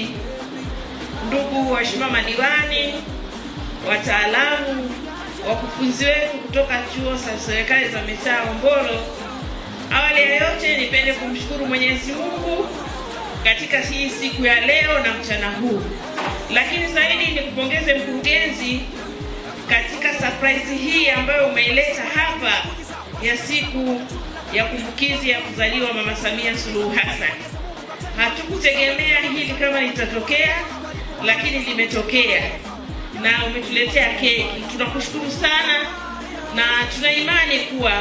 mwenyekiti, ndugu waheshimiwa madiwani, wataalamu, wakufunzi wetu kutoka chuo za serikali za mitaa Hombolo, awali ya yote nipende kumshukuru Mwenyezi Mungu katika hii siku ya leo na mchana huu, lakini zaidi nikupongeze mkurugenzi katika surprise hii ambayo umeileta hapa ya siku ya kumbukizi ya kuzaliwa Mama Samia Suluhu Hassan. Hatukutegemea hili kama litatokea, lakini limetokea na umetuletea keki. Tunakushukuru sana na tuna imani kuwa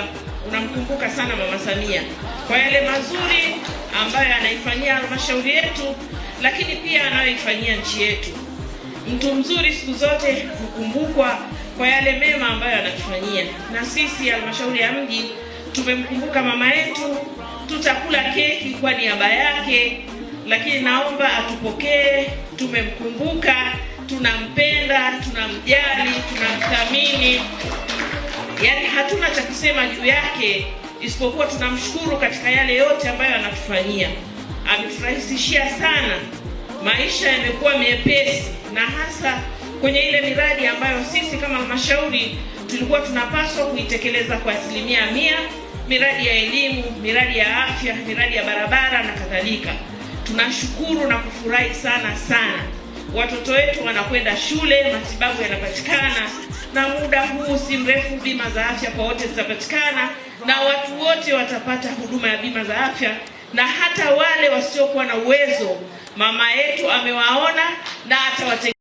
unamkumbuka sana Mama Samia kwa yale mazuri ambayo anaifanyia halmashauri yetu, lakini pia anayoifanyia nchi yetu. Mtu mzuri siku zote hukumbukwa kwa yale mema ambayo anatufanyia, na sisi halmashauri ya mji tumemkumbuka mama yetu tutakula keki kwa niaba yake, lakini naomba atupokee. Tumemkumbuka, tunampenda, tunamjali, tunamthamini, yaani hatuna cha kusema juu yake isipokuwa tunamshukuru katika yale yote ambayo anatufanyia. Ameturahisishia sana maisha, yamekuwa mepesi, na hasa kwenye ile miradi ambayo sisi kama halmashauri tulikuwa tunapaswa kuitekeleza kwa asilimia mia miradi ya elimu, miradi ya afya, miradi ya barabara na kadhalika. Tunashukuru na kufurahi sana sana, watoto wetu wanakwenda shule, matibabu yanapatikana, na muda huu si mrefu bima za afya kwa wote zitapatikana na watu wote watapata huduma ya bima za afya, na hata wale wasiokuwa na uwezo mama yetu amewaona na atawatengeneza.